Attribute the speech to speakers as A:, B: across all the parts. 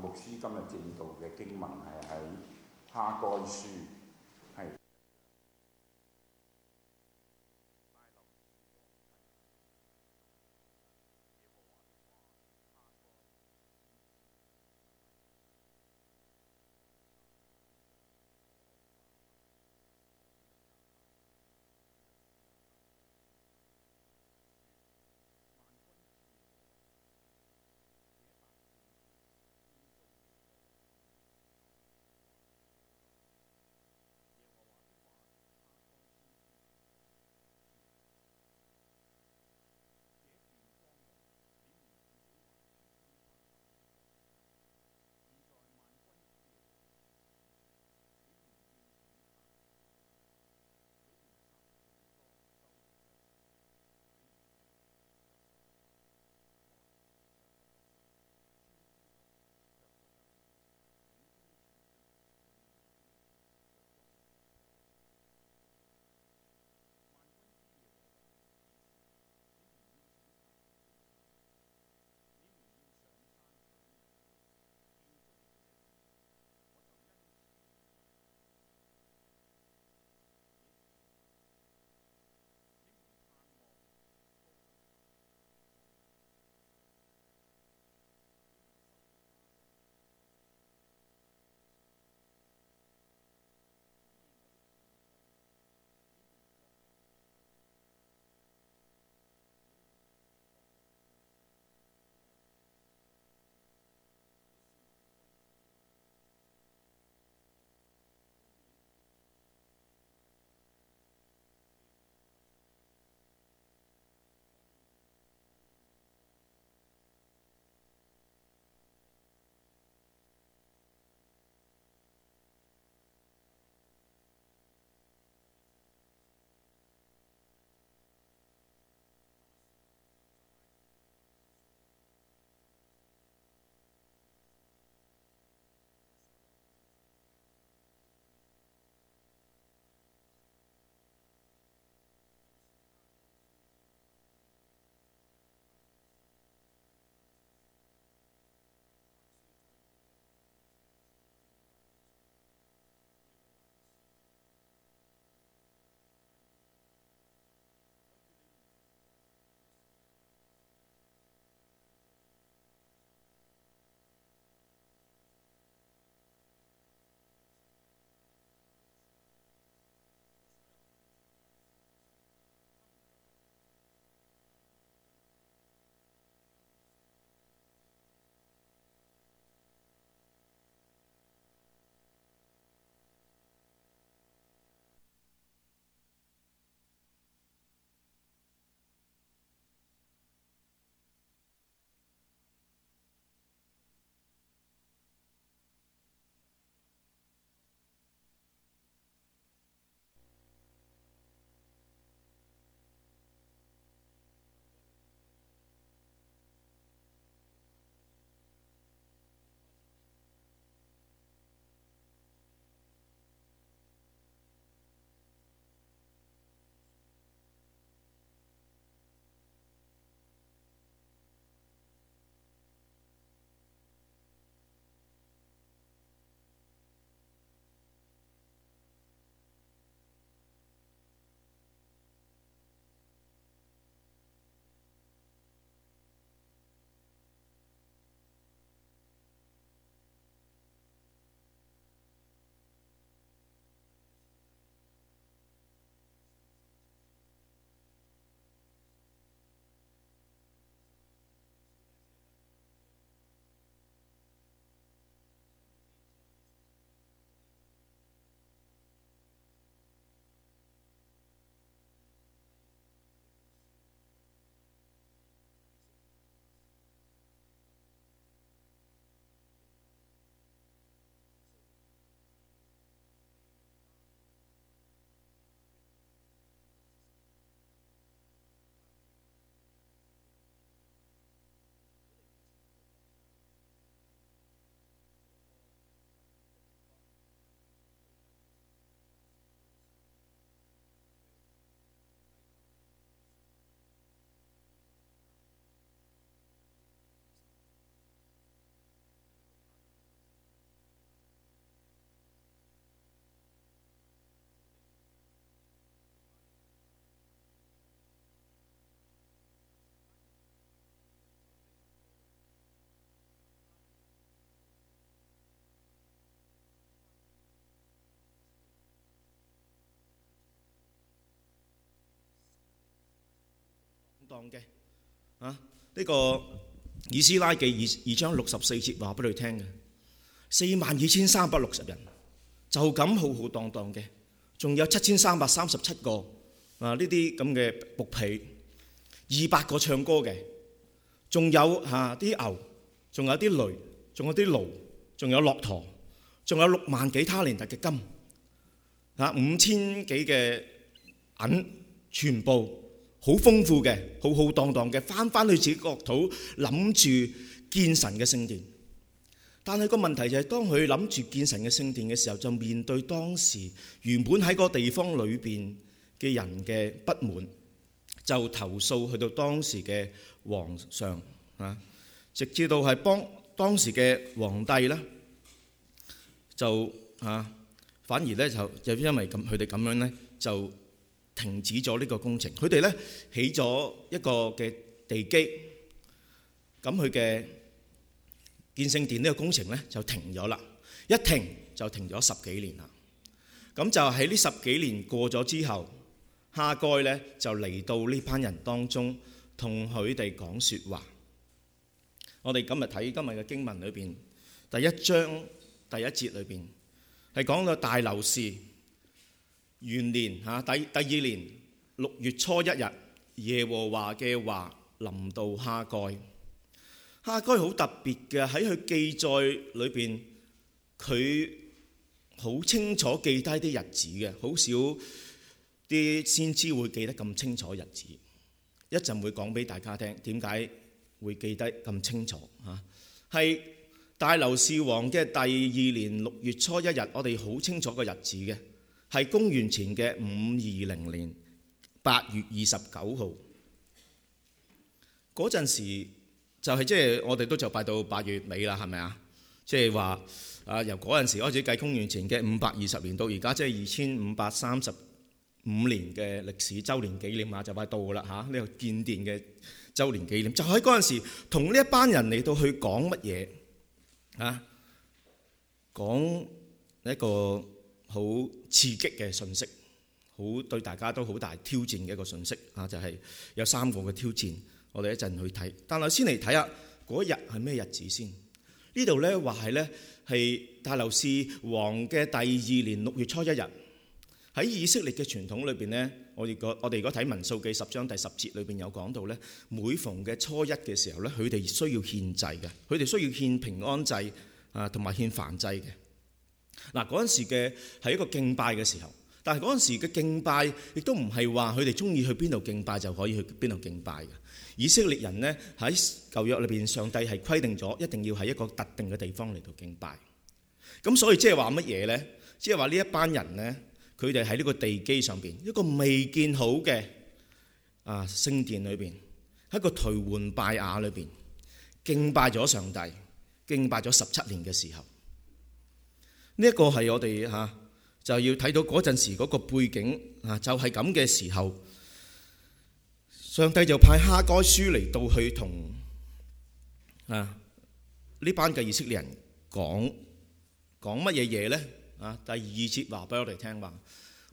A: 牧師今日正讀嘅經文係喺《哈該書》。當嘅啊，呢個以斯拉記二二章六十四節話俾你聽嘅，四萬二千三百六十人就咁浩浩蕩蕩嘅，仲有七千三百三十七個啊呢啲咁嘅僕婢，二百個唱歌嘅，仲有吓啲、啊、牛，仲有啲雷，仲有啲驢，仲有駱駝，仲有六萬幾他連得嘅金，啊五千幾嘅銀，全部。好豐富嘅，浩浩蕩蕩嘅，翻翻去自己國土，諗住建神嘅聖殿。但係個問題就係，當佢諗住建神嘅聖殿嘅時候，就面對當時原本喺個地方裏邊嘅人嘅不滿，就投訴去到當時嘅皇上啊，直至到係幫當時嘅皇帝咧，就啊，反而咧就就因為咁，佢哋咁樣咧就。停止咗呢個工程，佢哋咧起咗一個嘅地基，咁佢嘅建聖殿呢個工程咧就停咗啦，一停就停咗十幾年啦。咁就喺呢十幾年過咗之後，哈該咧就嚟到呢班人當中，同佢哋講說話。我哋今日睇今日嘅經文裏邊，第一章第一節裏邊係講到大流士，元年嚇，第第二年六月初一日，耶和華嘅話臨到哈該。哈該好特別嘅，喺佢記載裏邊，佢好清楚記低啲日子嘅，好少啲先知會記得咁清楚日子。一陣會講俾大家聽，點解會記得咁清楚嚇？係大流士王嘅第二年六月初一日，我哋好清楚個日子嘅。係公元前嘅五二零年八月二十九號，嗰陣時就係即係我哋都就快到八月尾啦，係咪啊？即係話啊，由嗰陣時開始計公元前嘅五百二十年到而家，即係二千五百三十五年嘅歷史周年紀念啊，就快到噶啦嚇！呢、啊呢個建殿嘅周年紀念就喺嗰陣時同呢一班人嚟到去講乜嘢啊？講一個好～刺激嘅信息，好對大家都好大挑戰嘅一個信息啊！就係、是、有三個嘅挑戰，我哋一陣去睇。但係先嚟睇下嗰日係咩日子先？呢度咧話係咧係大流士王嘅第二年六月初一日。喺以色列嘅傳統裏邊咧，我哋個我哋如果睇民數記十章第十節裏邊有講到咧，每逢嘅初一嘅時候咧，佢哋需要獻祭嘅，佢哋需要獻平安祭啊，同埋獻燔祭嘅。嗱，嗰陣時嘅係一個敬拜嘅時候，但係嗰陣時嘅敬拜亦都唔係話佢哋中意去邊度敬拜就可以去邊度敬拜嘅。以色列人咧喺舊約裏邊，上帝係規定咗一定要喺一個特定嘅地方嚟到敬拜。咁所以即係話乜嘢咧？即係話呢一班人咧，佢哋喺呢個地基上邊一個未建好嘅啊聖殿裏邊，喺個頹垣敗瓦裏邊敬拜咗上帝，敬拜咗十七年嘅時候。呢一個係我哋嚇就要睇到嗰陣時嗰個背景啊，就係咁嘅時候，上帝就派哈該書嚟到去同啊呢班嘅以色列人講講乜嘢嘢咧？啊，第二節話俾我哋聽話，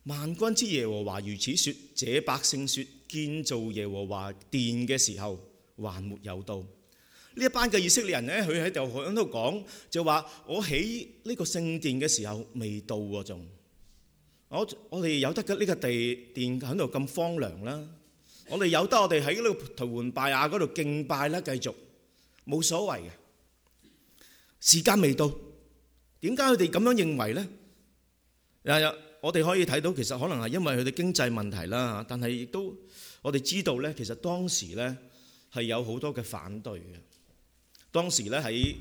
A: 萬軍之耶和華如此説：這百姓説，建造耶和華殿嘅時候還沒有到。呢一班嘅以色列人咧，佢喺度響度講，就話我起呢個聖殿嘅時候未到喎，仲我我哋有得嘅呢個地殿響度咁荒涼啦，我哋有得我哋喺呢個圖壇拜亞嗰度敬拜啦，繼續冇所謂嘅時間未到，點解佢哋咁樣認為咧？有我哋可以睇到，其實可能係因為佢哋經濟問題啦嚇，但係亦都我哋知道咧，其實當時咧係有好多嘅反對嘅。當時咧喺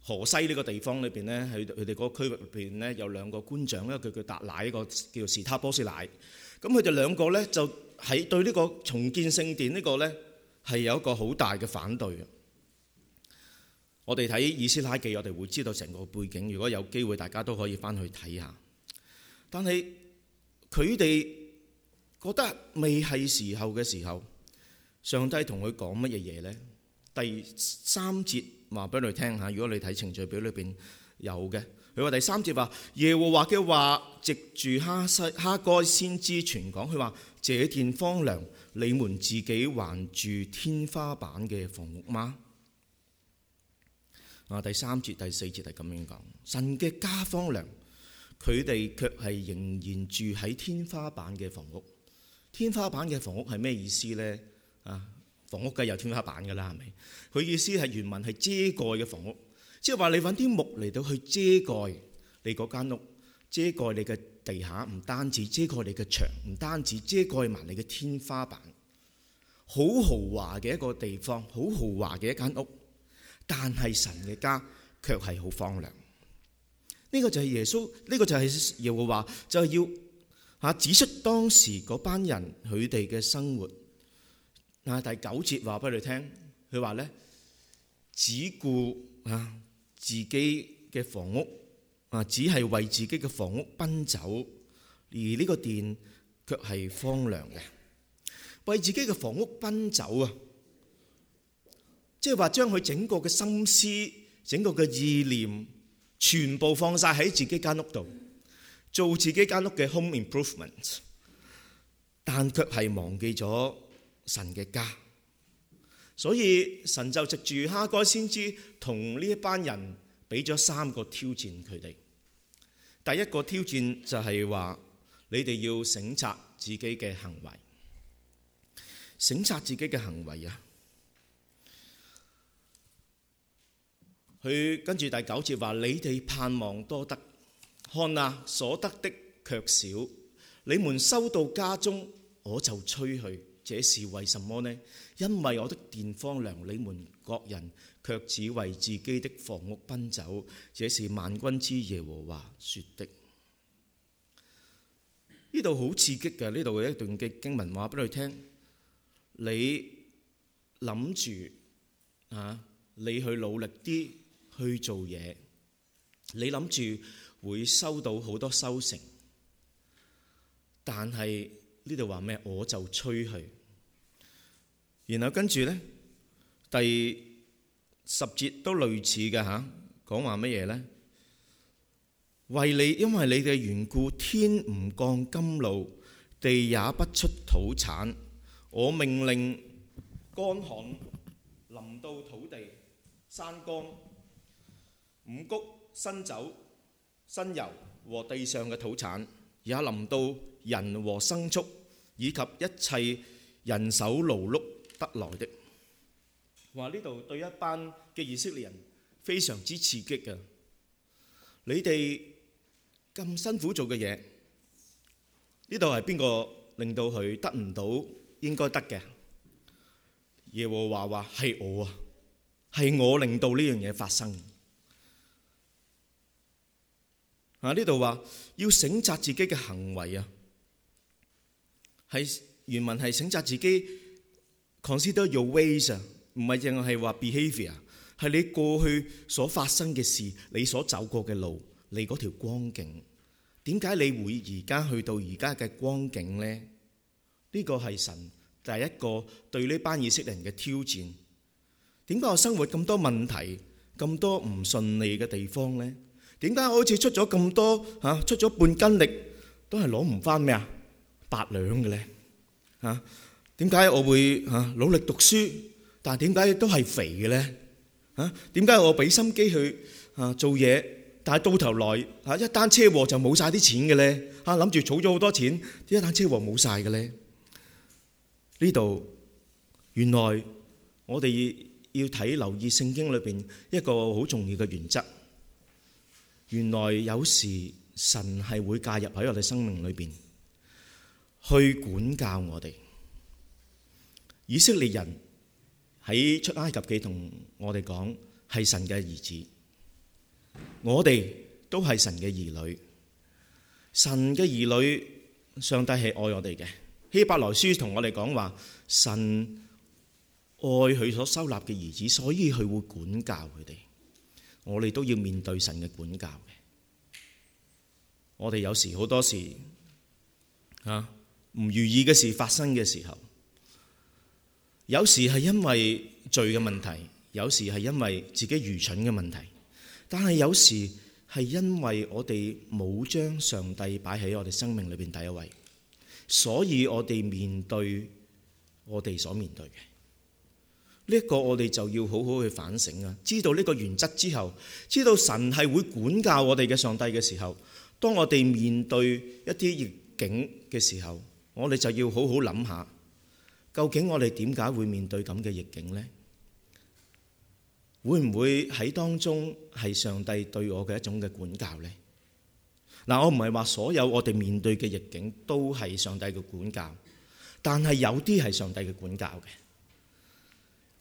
A: 河西呢個地方裏邊咧，佢佢哋嗰個區域入邊咧有兩個官長咧，佢叫達乃，一個叫做示他波斯乃。咁佢哋兩個咧就喺對呢個重建聖殿個呢個咧係有一個好大嘅反對。我哋睇以斯拉記，我哋會知道成個背景。如果有機會，大家都可以翻去睇下。但係佢哋覺得未係時候嘅時候，上帝同佢講乜嘢嘢咧？第三節。話俾你聽下，如果你睇程序表裏邊有嘅，佢話第三節啊，耶和華嘅話，話藉住哈西哈該先知傳講，佢話，這殿荒涼，你們自己還住天花板嘅房屋嗎？啊，第三節第四節係咁樣講，神嘅家荒涼，佢哋卻係仍然住喺天花板嘅房屋。天花板嘅房屋係咩意思呢？啊？房屋梗有天花板噶啦，係咪？佢意思係原文係遮蓋嘅房屋，即係話你揾啲木嚟到去遮蓋你嗰間屋，遮蓋你嘅地下，唔單止遮蓋你嘅牆，唔單止遮蓋埋你嘅天花板，好豪華嘅一個地方，好豪華嘅一間屋。但係神嘅家卻係好荒涼。呢、這個就係耶穌呢、這個就係耶和華話就係、是、要吓指出當時嗰班人佢哋嘅生活。嗱，第九節話俾你聽，佢話咧，只顧啊自己嘅房屋啊，只係為自己嘅房屋奔走，而呢個殿卻係荒涼嘅。為自己嘅房屋奔走啊，即係話將佢整個嘅心思、整個嘅意念，全部放晒喺自己間屋度，做自己間屋嘅 home improvement，但卻係忘記咗。神嘅家，所以神就藉住哈該先知同呢一班人俾咗三個挑戰佢哋。第一個挑戰就係話：你哋要省察自己嘅行為，省察自己嘅行為啊！佢跟住第九節話：你哋盼望多得，看啊，所得的卻少。你們收到家中，我就吹去。這是為什麼呢？因為我的殿荒涼，你們各人卻只為自己的房屋奔走。這是萬軍之耶和華說的。呢度好刺激嘅，呢度有一段嘅經文話俾你聽。你諗住啊，你去努力啲去做嘢，你諗住會收到好多收成，但係呢度話咩？我就吹佢。然後跟住呢，第十節都類似嘅嚇，講話乜嘢呢？為你因為你哋嘅緣故，天唔降甘露，地也不出土產。我命令乾旱臨到土地、山岡、五穀、新酒、新油和地上嘅土產，也臨到人和牲畜以及一切人手勞碌。得來的話，呢度對一班嘅以色列人非常之刺激㗎。你哋咁辛苦做嘅嘢，呢度係邊個令到佢得唔到應該得嘅？耶和華話係我啊，係我令到呢樣嘢發生啊。呢度話要省察自己嘅行為啊，係原文係省察自己。Consider your ways，唔係淨係話 behaviour，係你過去所發生嘅事，你所走過嘅路，你嗰條光景。點解你會而家去到而家嘅光景咧？呢個係神第一個對呢班以色列人嘅挑戰。點解我生活咁多問題，咁多唔順利嘅地方咧？點解我好似出咗咁多嚇，出咗半斤力都係攞唔翻咩啊？八兩嘅咧嚇。點解我會吓努力讀書，但係點解都係肥嘅咧？吓、啊，點解我俾心機去吓做嘢，但係到頭來吓一單車禍就冇晒啲錢嘅咧？吓、啊，諗住儲咗好多錢，一單車禍冇晒嘅咧？呢度原來我哋要睇留意聖經裏邊一個好重要嘅原則。原來有時神係會介入喺我哋生命裏邊，去管教我哋。以色列人喺出埃及記同我哋講係神嘅兒子，我哋都係神嘅兒女，神嘅兒女，上帝係愛我哋嘅。希伯來書同我哋講話，神愛佢所收納嘅兒子，所以佢會管教佢哋。我哋都要面對神嘅管教嘅。我哋有時好多事，啊唔如意嘅事發生嘅時候。有時係因為罪嘅問題，有時係因為自己愚蠢嘅問題，但係有時係因為我哋冇將上帝擺喺我哋生命裏邊第一位，所以我哋面對我哋所面對嘅呢個，我哋就要好好去反省啊！知道呢個原則之後，知道神係會管教我哋嘅上帝嘅時候，當我哋面對一啲逆境嘅時候，我哋就要好好諗下。究竟我哋點解會面對咁嘅逆境呢？會唔會喺當中係上帝對我嘅一種嘅管教呢？嗱，我唔係話所有我哋面對嘅逆境都係上帝嘅管教，但係有啲係上帝嘅管教嘅。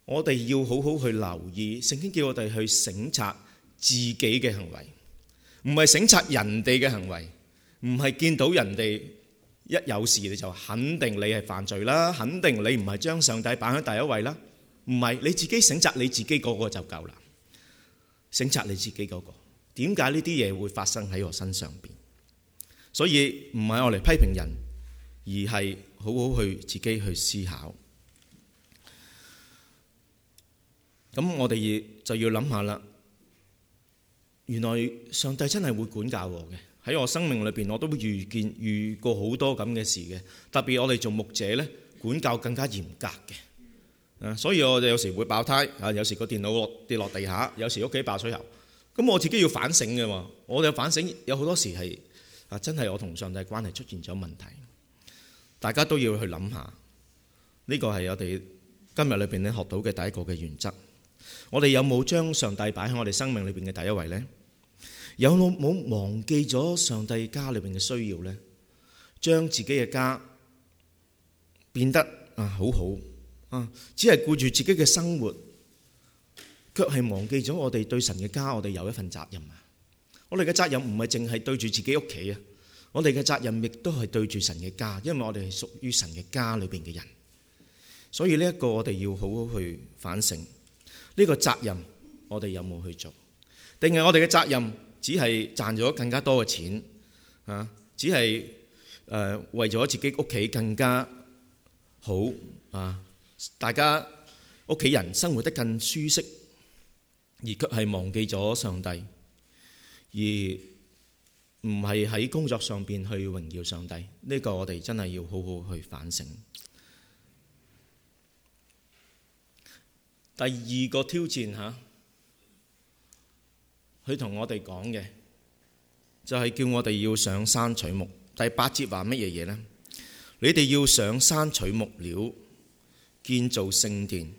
A: 我哋要好好去留意，聖經叫我哋去省察自己嘅行為，唔係省察人哋嘅行為，唔係見到人哋。一有事你就肯定你係犯罪啦，肯定你唔係將上帝擺喺第一位啦，唔係你自己省察你自己嗰個就夠啦，省察你自己嗰個，點解呢啲嘢會發生喺我身上邊？所以唔係我嚟批評人，而係好好去自己去思考。咁我哋就要諗下啦，原來上帝真係會管教我嘅。喺我生命裏邊，我都會遇見遇過好多咁嘅事嘅。特別我哋做牧者咧，管教更加嚴格嘅。所以我哋有時會爆胎，啊有時個電腦跌落，落地下，有時屋企爆水喉。咁我自己要反省嘅嘛，我哋反省，有好多時係啊，真係我同上帝關係出現咗問題。大家都要去諗下，呢、呢個係我哋今日裏邊咧學到嘅第一個嘅原則。我哋有冇將上帝擺喺我哋生命裏邊嘅第一位呢？有冇冇忘記咗上帝家裏邊嘅需要咧？將自己嘅家變得啊好好啊，只係顧住自己嘅生活，卻係忘記咗我哋對神嘅家，我哋有一份責任啊！我哋嘅責任唔係淨係對住自己屋企啊，我哋嘅責任亦都係對住神嘅家，因為我哋係屬於神嘅家裏邊嘅人。所以呢一個我哋要好好去反省呢個責任，我哋有冇去做？定係我哋嘅責任？只係賺咗更加多嘅錢，嚇！只係誒為咗自己屋企更加好啊，大家屋企人生活得更舒適，而卻係忘記咗上帝，而唔係喺工作上面去榮耀上帝。呢個我哋真係要好好去反省。第二個挑戰嚇。佢同我哋講嘅就係、是，叫我哋要上山取木。第八節話乜嘢嘢呢？你哋要上山取木料建造聖殿，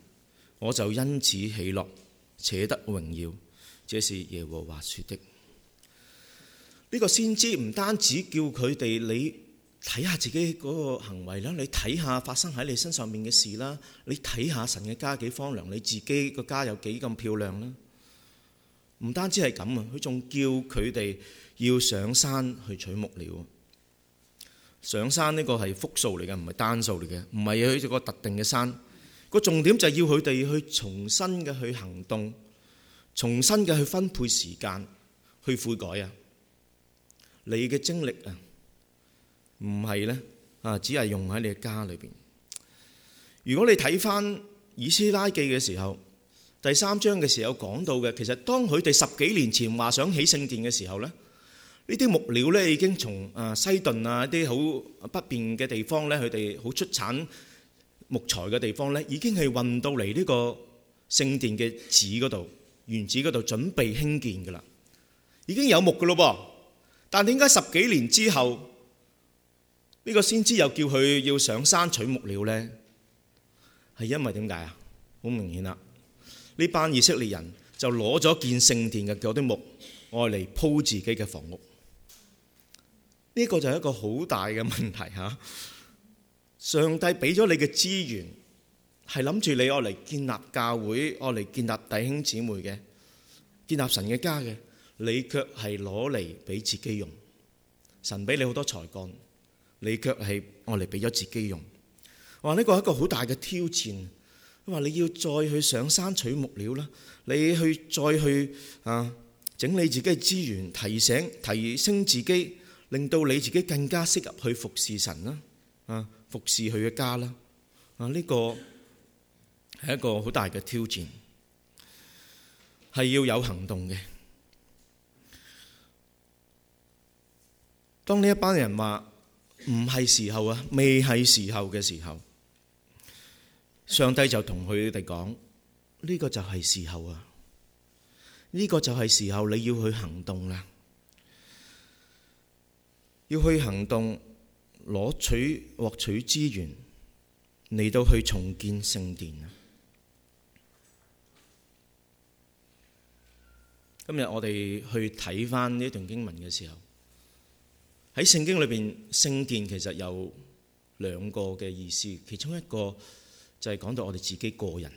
A: 我就因此喜樂且得榮耀。這是耶和華說的。呢個先知唔單止叫佢哋，你睇下自己嗰個行為啦，你睇下發生喺你身上面嘅事啦，你睇下神嘅家幾荒涼，你自己個家有幾咁漂亮啦。唔單止係咁啊！佢仲叫佢哋要上山去取木料。上山呢個係複數嚟嘅，唔係單數嚟嘅，唔係佢個特定嘅山。個重點就係要佢哋去重新嘅去行動，重新嘅去分配時間，去悔改啊！你嘅精力啊，唔係咧啊，只係用喺你嘅家裏邊。如果你睇返以斯拉記嘅時候，第三章嘅時候講到嘅，其實當佢哋十幾年前話想起聖殿嘅時候咧，呢啲木料咧已經從啊西頓啊啲好北邊嘅地方咧，佢哋好出產木材嘅地方咧，已經係運到嚟呢個聖殿嘅址嗰度，原址嗰度準備興建噶啦，已經有木噶咯噃。但點解十幾年之後呢個先知又叫佢要上山取木料咧？係因為點解啊？好明顯啦。呢班以色列人就攞咗建聖殿嘅嗰啲木，愛嚟鋪自己嘅房屋。呢個就係一個好大嘅問題吓。上帝俾咗你嘅資源，係諗住你愛嚟建立教會，愛嚟建立弟兄姊妹嘅，建立神嘅家嘅。你卻係攞嚟俾自己用。神俾你好多才幹，你卻係愛嚟俾咗自己用。哇！呢個係一個好大嘅挑戰。話你要再去上山取木料啦，你去再去啊整理自己嘅資源，提醒提升自己，令到你自己更加適合去服侍神啦，啊服侍佢嘅家啦，啊呢個係一個好大嘅挑戰，係要有行動嘅。當呢一班人話唔係時候啊，未係時候嘅時候。上帝就同佢哋講：呢個就係時候啊，呢個就係時候你要去行動啦，要去行動攞取、獲取資源嚟到去重建聖殿啊！今日我哋去睇返呢段經文嘅時候，喺聖經裏邊，聖殿其實有兩個嘅意思，其中一個。就係講到我哋自己個人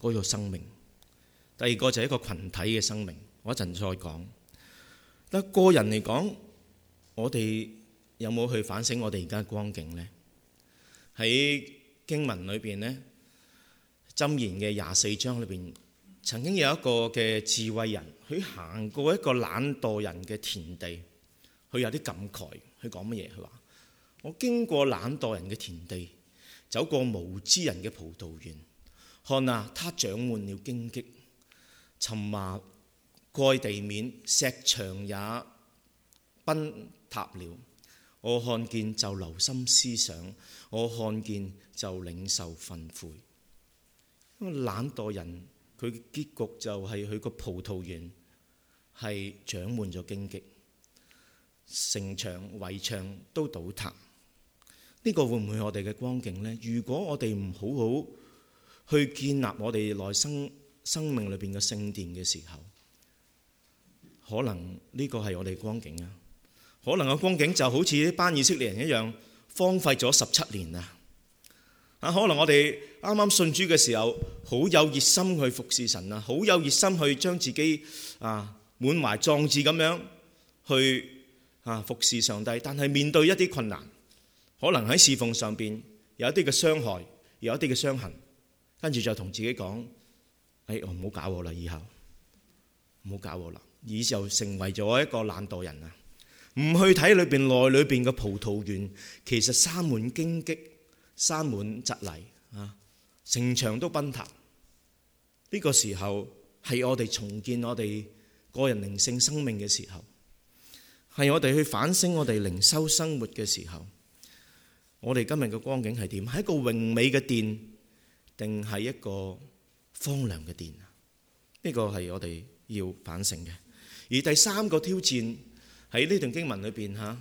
A: 嗰個生命，第二個就係一個群體嘅生命。我一陣再講。但個人嚟講，我哋有冇去反省我哋而家嘅光景呢？喺經文裏邊呢，《箴言》嘅廿四章裏邊，曾經有一個嘅智慧人，佢行過一個懶惰人嘅田地，佢有啲感慨，佢講乜嘢？佢話：我經過懶惰人嘅田地。走過無知人嘅葡萄園，看啊，它長滿了荊棘，沉麻蓋地面，石牆也崩塌了。我看見就留心思想，我看見就領受訓誨。懶惰人佢嘅結局就係佢個葡萄園係長滿咗荊棘，城牆圍牆都倒塌。呢個會唔會係我哋嘅光景呢？如果我哋唔好好去建立我哋內生生命裏邊嘅聖殿嘅時候，可能呢個係我哋光景啊！可能個光景就好似呢班以色列人一樣荒廢咗十七年啊！啊，可能我哋啱啱信主嘅時候好有熱心去服侍神啊，好有熱心去將自己啊滿懷壯志咁樣去啊服侍上帝，但係面對一啲困難。可能喺侍奉上邊有一啲嘅傷害，有一啲嘅傷痕，跟住就同自己講，哎，我唔好搞我啦，以後唔好搞我啦。而就成為咗一個懶惰人啊，唔去睇裏邊內裏邊嘅葡萄園，其實山滿荊棘，山滿蒺藜啊，城牆都崩塌。呢個時候係我哋重建我哋個人靈性生命嘅時候，係我哋去反省我哋靈修生活嘅時候。我哋今日嘅光景係點？係一個榮美嘅殿，定係一個荒涼嘅殿啊？呢、這個係我哋要反省嘅。而第三個挑戰喺呢段經文裏邊吓，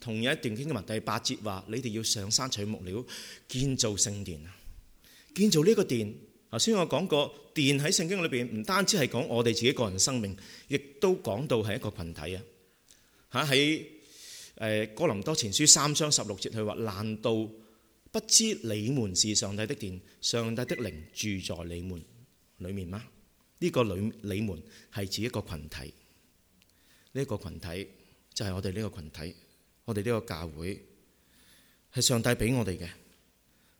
A: 同樣一段經文第八節話：你哋要上山取木料建造聖殿。建造呢個殿，頭先我講過，殿喺聖經裏邊唔單止係講我哋自己個人生命，亦都講到係一個群體啊。吓喺誒哥林多前書三章十六節，佢話：難道不知你們是上帝的殿，上帝的靈住在你們裡面嗎？呢、這個裏你們係指一個群體，呢、這、一個羣體就係我哋呢個群體，我哋呢個教會係上帝俾我哋嘅。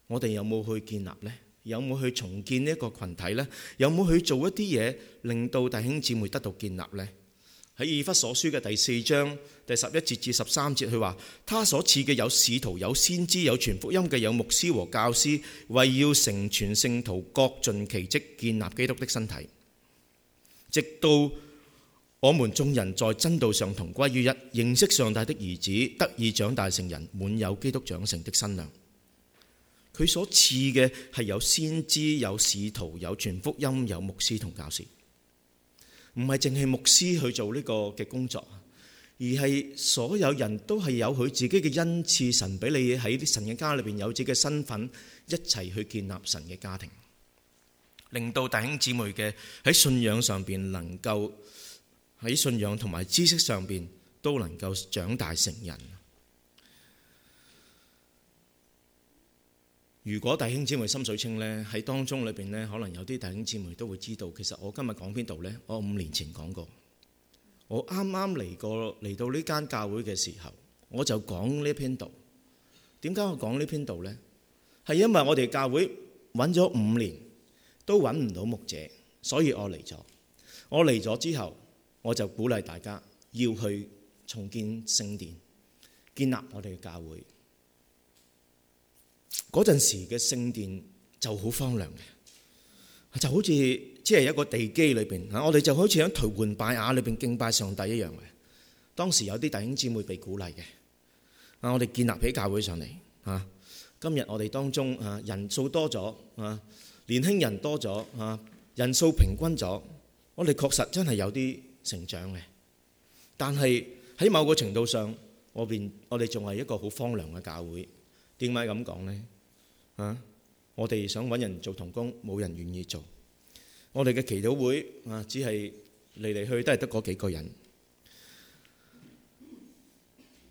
A: 我哋有冇去建立呢？有冇去重建群呢一個羣體呢？有冇去做一啲嘢令到弟兄姊妹得到建立呢？」喺《以弗所書》嘅第四章第十一節至十三節，佢話：他所賜嘅有使徒、有先知、有傳福音嘅、有牧師和教師，為要成全聖徒，各盡其職，建立基督的身體。直到我們眾人在真道上同歸於一，認識上帝的兒子，得以長大成人，滿有基督長成的身量。」佢所賜嘅係有先知、有使徒、有傳福音、有牧師同教師。唔係淨係牧師去做呢個嘅工作，而係所有人都係有佢自己嘅恩賜，神俾你喺啲神嘅家裏邊有自己嘅身份，一齊去建立神嘅家庭，令到弟兄姊妹嘅喺信仰上邊能夠，喺信仰同埋知識上邊都能夠長大成人。如果弟兄姊妹心水清呢，喺當中裏邊呢，可能有啲弟兄姊妹都會知道，其實我今日講邊度呢，我五年前講過，我啱啱嚟過嚟到呢間教會嘅時候，我就講呢篇道。點解我講呢篇道呢？係因為我哋教會揾咗五年都揾唔到牧者，所以我嚟咗。我嚟咗之後，我就鼓勵大家要去重建聖殿，建立我哋嘅教會。嗰陣時嘅聖殿就好荒涼嘅，就好似只係一個地基裏邊，我哋就好似喺頹垣敗瓦裏邊敬拜上帝一樣嘅。當時有啲弟兄姊妹被鼓勵嘅，啊，我哋建立起教會上嚟啊。今日我哋當中啊人數多咗啊，年輕人多咗啊，人數平均咗，我哋確實真係有啲成長嘅。但係喺某個程度上，我哋我哋仲係一個好荒涼嘅教會。點解咁講呢？啊，我哋想搵人做同工，冇人願意做。我哋嘅祈禱會啊，只係嚟嚟去都係得嗰幾個人。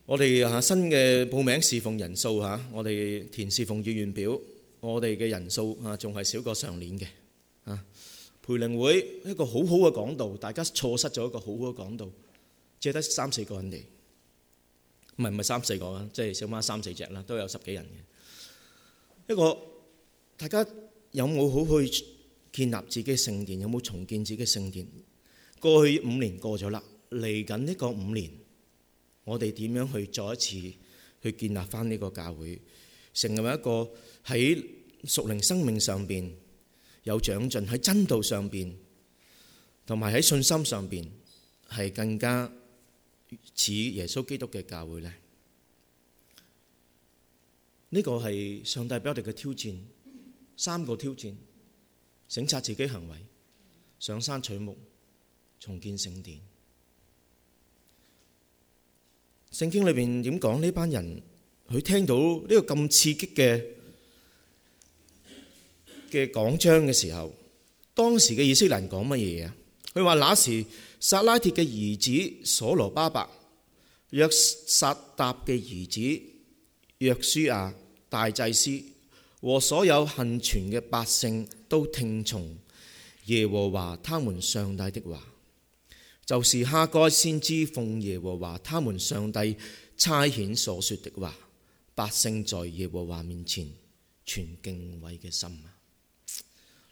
A: 我哋啊新嘅報名侍奉人數嚇，我哋填侍奉意願表，我哋嘅人數啊仲係少過上年嘅。啊，培靈會一個好好嘅講道，大家錯失咗一個好好嘅講道，只係得三四個人嚟。唔係唔係三四個啦，即係小貓三四隻啦，都有十幾人嘅。一個大家有冇好去建立自己聖殿？有冇重建自己聖殿？過去五年過咗啦，嚟緊呢個五年，我哋點樣去再一次去建立返呢個教會，成為一個喺屬靈生命上邊有長進，喺真道上邊同埋喺信心上邊係更加似耶穌基督嘅教會呢，呢、呢個係上帝俾我哋嘅挑戰，三個挑戰：省察自己行為，上山取木，重建聖殿。聖經裏邊點講呢班人？佢聽到呢個咁刺激嘅嘅講章嘅時候，當時嘅以色列人講乜嘢啊？佢話那時。撒拉鐵嘅兒子所羅巴伯、約撒達嘅兒子約書亞、大祭司和所有幸存嘅百姓都聽從耶和華他們上帝的話，就是哈該先知奉耶和華他們上帝差遣所說的話，百姓在耶和華面前存敬畏嘅心啊！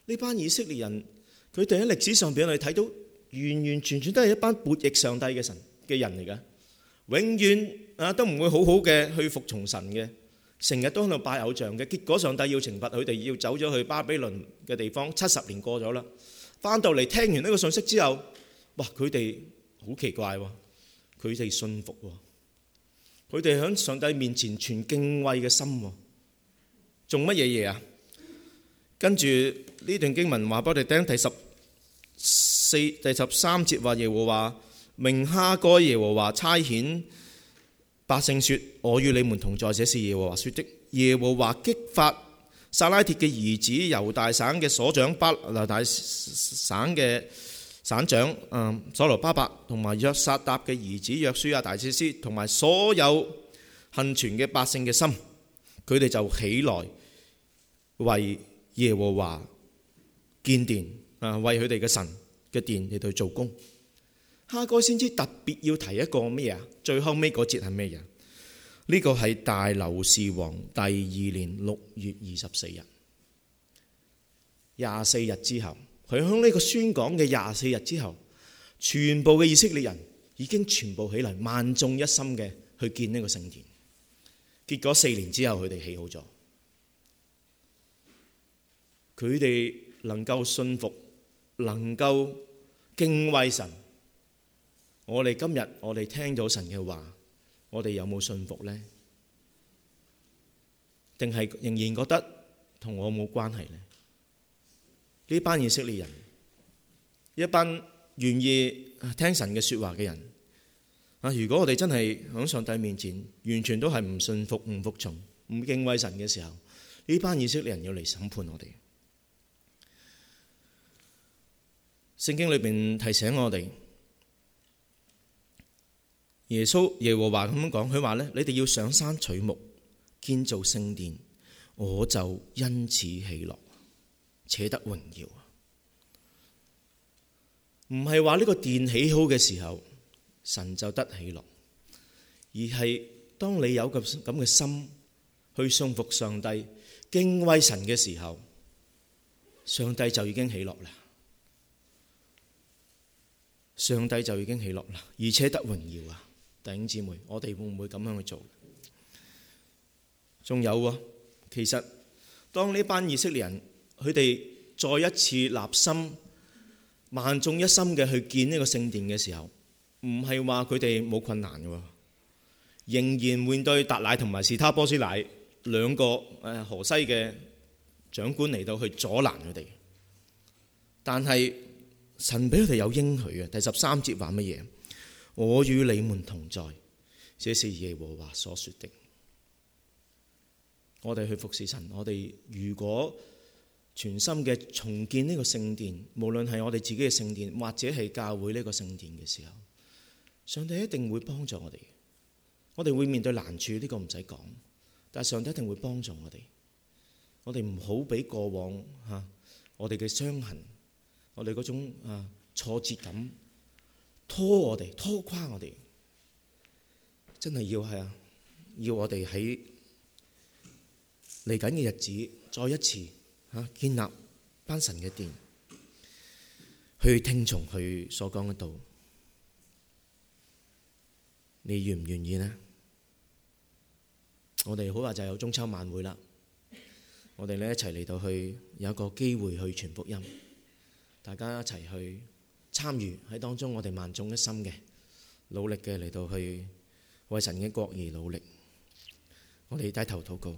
A: 呢班以色列人，佢哋喺歷史上俾我哋睇到。完完全全都係一班悖逆上帝嘅神嘅人嚟㗎，永遠啊都唔會好好嘅去服從神嘅，成日都喺度拜偶像嘅。結果上帝要懲罰佢哋，要走咗去巴比倫嘅地方，七十年過咗啦。翻到嚟聽完呢個信息之後，哇！佢哋好奇怪喎，佢哋信服喎，佢哋喺上帝面前存敬畏嘅心喎，做乜嘢嘢啊？跟住呢段經文話俾我哋聽，第十四第十三節話耶和華命哈該耶和華差遣百姓說：我與你們同在，這是耶和華說的。耶和華激發撒拉鐵嘅兒子猶大省嘅所長巴大省嘅省長啊，所羅巴伯同埋約撒答嘅兒子約書亞大祭司，同埋所有幸存嘅百姓嘅心，佢哋就起來為耶和華建殿啊，為佢哋嘅神。嘅電嚟到做工，哈該先知特別要提一個咩啊？最後尾嗰節係咩嘢？呢個係大流士王第二年六月二十四日，廿四日之後，佢喺呢個宣講嘅廿四日之後，全部嘅以色列人已經全部起嚟，萬眾一心嘅去建呢個聖殿。結果四年之後佢哋起好咗，佢哋能夠信服，能夠。敬畏神，我哋今日我哋聽咗神嘅話，我哋有冇信服呢？定係仍然覺得同我冇關係呢？呢班以色列人，一班願意聽神嘅說話嘅人啊！如果我哋真係響上帝面前，完全都係唔信服、唔服從、唔敬畏神嘅時候，呢班以色列人要嚟審判我哋。聖經裏邊提醒我哋，耶穌耶和華咁樣講，佢話咧：你哋要上山取木，建造聖殿，我就因此喜樂，且得榮耀。唔係話呢個殿起好嘅時候，神就得喜樂，而係當你有咁咁嘅心去信服上帝、敬畏神嘅時候，上帝就已經喜樂啦。上帝就已經喜樂啦，而且得榮耀啊！弟兄姊妹，我哋會唔會咁樣去做？仲有啊，其實當呢班以色列人佢哋再一次立心萬眾一心嘅去建呢個聖殿嘅時候，唔係話佢哋冇困難嘅，仍然面對達乃同埋士他波斯乃兩個誒河西嘅長官嚟到去阻攔佢哋，但係，神俾佢哋有應許啊！第十三節話乜嘢？我與你們同在，這是耶和華所說的。我哋去服侍神，我哋如果全心嘅重建呢個聖殿，無論係我哋自己嘅聖殿，或者係教會呢個聖殿嘅時候，上帝一定會幫助我哋。我哋會面對難處，呢個唔使講，但係上帝一定會幫助我哋。我哋唔好俾過往吓我哋嘅傷痕。我哋嗰種啊挫折感拖我哋拖垮我哋，真係要係啊！要我哋喺嚟緊嘅日子再一次嚇、啊、建立班神嘅殿，去聽從佢所講嘅道，你願唔願意呢？我哋好話就係有中秋晚會啦，我哋咧一齊嚟到去有一個機會去傳福音。大家一齊去參與喺當中，我哋萬眾一心嘅努力嘅嚟到去為神嘅國而努力。我哋低頭禱告，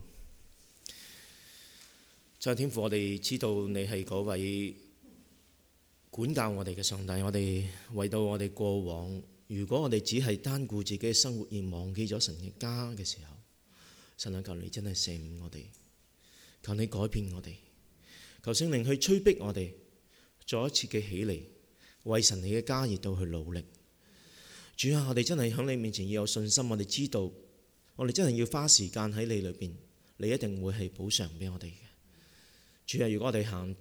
A: 上天父，我哋知道你係嗰位管教我哋嘅上帝。我哋為到我哋過往，如果我哋只係單顧自己嘅生活而忘記咗神嘅家嘅時候，神啊，求你真係赦免我哋，求你改變我哋，求聖靈去催逼我哋。再一次嘅起嚟，為神你嘅家而到去努力。主啊，我哋真係響你面前要有信心。我哋知道，我哋真係要花時間喺你裏邊，你一定會係補償俾我哋嘅。主啊，如果我哋行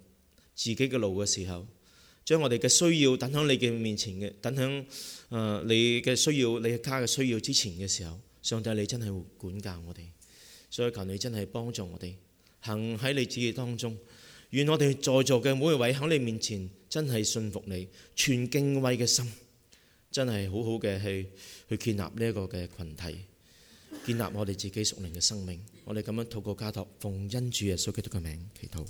A: 自己嘅路嘅時候，將我哋嘅需要等響你嘅面前嘅，等響誒你嘅需要、你嘅家嘅需要之前嘅時候，上帝你真係會管教我哋。所以求你真係幫助我哋行喺你自己當中。願我哋在座嘅每一位喺你面前，真係信服你、全敬畏嘅心，真係好好嘅去去建立呢一個嘅群體，建立我哋自己屬靈嘅生命。我哋咁樣禱告，交託奉恩主耶穌基督嘅名祈禱。